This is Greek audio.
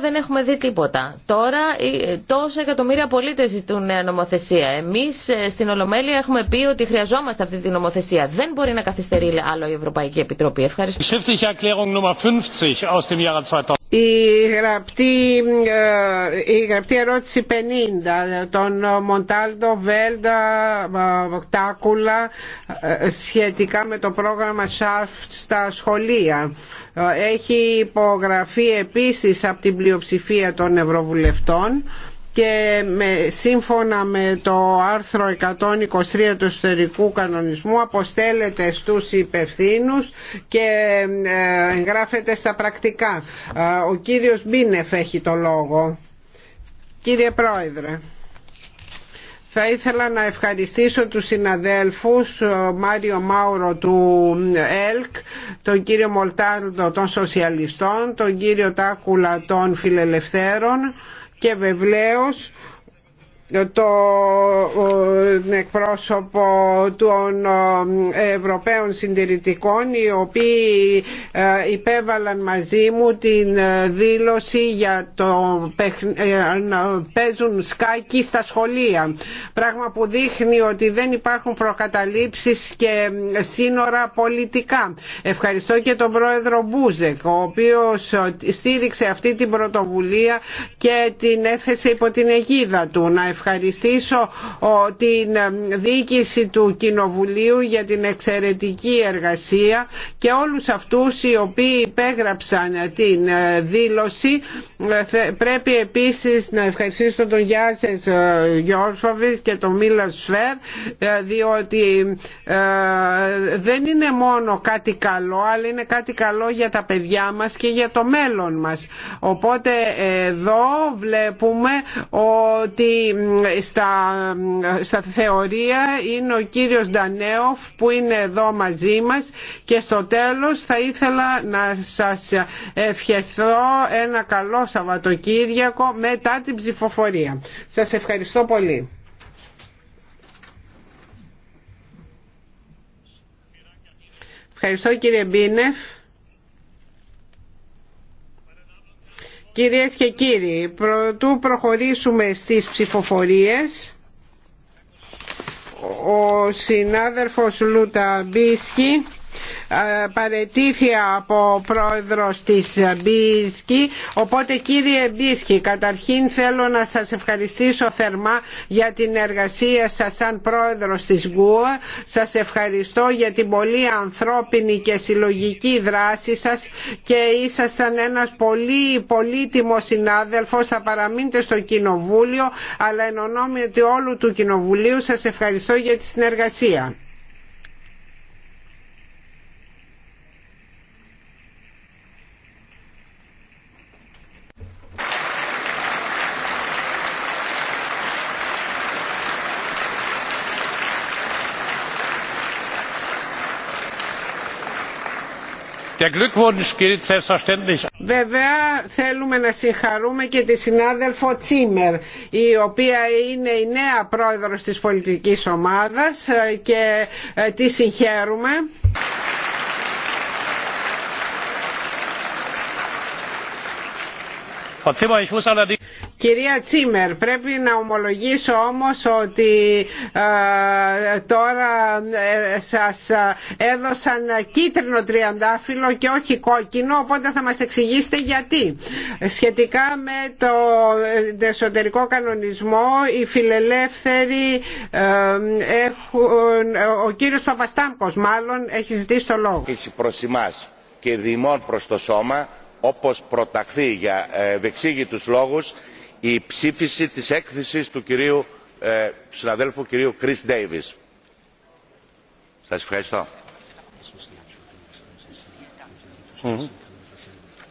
δεν έχουμε δει τίποτα. Τώρα ε, τόσα εκατομμύρια πολίτε ζητούν νέα νομοθεσία. Εμεί ε, στην Ολομέλεια έχουμε πει ότι χρειαζόμαστε αυτή τη νομοθεσία. Δεν μπορεί να καθυστερεί άλλο η Ευρωπαϊκή Επιτροπή. Ευχαριστώ η γραπτή, ε, η γραπτή ερώτηση 50 των Μοντάλτο Βέλτα ε, Τάκουλα ε, σχετικά με το πρόγραμμα ΣΑΦ στα σχολεία. Έχει υπογραφεί επίσης από την πλειοψηφία των Ευρωβουλευτών και σύμφωνα με το άρθρο 123 του εσωτερικού κανονισμού αποστέλλεται στους υπευθύνους και ε, εγγράφεται στα πρακτικά. Ε, ο κύριος Μπίνεφ έχει το λόγο. Κύριε Πρόεδρε. Θα ήθελα να ευχαριστήσω τους συναδέλφους ε, Μάριο Μάουρο του ΕΛΚ, τον κύριο Μολτάρντο των Σοσιαλιστών, τον κύριο Τάκουλα των Φιλελευθέρων και βεβλέως το εκπρόσωπο των Ευρωπαίων Συντηρητικών οι οποίοι ε, υπέβαλαν μαζί μου την ε, δήλωση για το ε, να παίζουν σκάκι στα σχολεία πράγμα που δείχνει ότι δεν υπάρχουν προκαταλήψεις και σύνορα πολιτικά ευχαριστώ και τον πρόεδρο Μπούζεκ ο οποίος στήριξε αυτή την πρωτοβουλία και την έθεσε υπό την αιγίδα του να ευχαριστήσω την διοίκηση του Κοινοβουλίου για την εξαιρετική εργασία και όλους αυτούς οι οποίοι υπέγραψαν την ε, δήλωση. Ε, πρέπει επίσης να ευχαριστήσω τον Γιάννη ε, Γιώσοβιτ και τον Μίλα Σφέρ διότι δεν είναι μόνο κάτι καλό αλλά είναι κάτι καλό για τα παιδιά μας και για το μέλλον μας. Οπότε εδώ βλέπουμε ότι στα, στα θεωρία είναι ο κύριος Ντανέοφ που είναι εδώ μαζί μας και στο τέλος θα ήθελα να σας ευχηθώ ένα καλό Σαββατοκύριακο μετά την ψηφοφορία. Σας ευχαριστώ πολύ. Ευχαριστώ κύριε Μπίνεφ. Κυρίες και κύριοι, πρωτού προχωρήσουμε στις ψηφοφορίες, ο συνάδελφος Λούτα Μπίσκι παρετήθη από πρόεδρος της Μπίσκη οπότε κύριε Μπίσκη καταρχήν θέλω να σας ευχαριστήσω θερμά για την εργασία σας σαν πρόεδρος της ΓΚΟΑ σας ευχαριστώ για την πολύ ανθρώπινη και συλλογική δράση σας και ήσασταν ένας πολύ πολύτιμο συνάδελφος θα παραμείνετε στο κοινοβούλιο αλλά εν ονόμη όλου του κοινοβουλίου σας ευχαριστώ για τη συνεργασία Βέβαια θέλουμε να συγχαρούμε και τη συνάδελφο Τσίμερ η οποία είναι η νέα πρόεδρος της πολιτικής ομάδας ε, και ε, τη συγχαίρουμε. Κυρία Τσίμερ, πρέπει να ομολογήσω όμως ότι τώρα ε, σας έδωσαν κίτρινο τριαντάφυλλο και όχι κόκκινο, οπότε θα μας εξηγήσετε γιατί. Σχετικά με το ε, εσωτερικό κανονισμό, οι φιλελεύθεροι ε, έχουν, ο κύριος Παπαστάμκος μάλλον έχει ζητήσει το λόγο. Προς εμάς και δημών προς το σώμα, όπως προταχθεί για ε, ευεξήγητους λόγους, η ψήφιση της έκθεσης του κυρίου, ε, συναδέλφου κυρίου Chris Davis. Σας ευχαριστώ.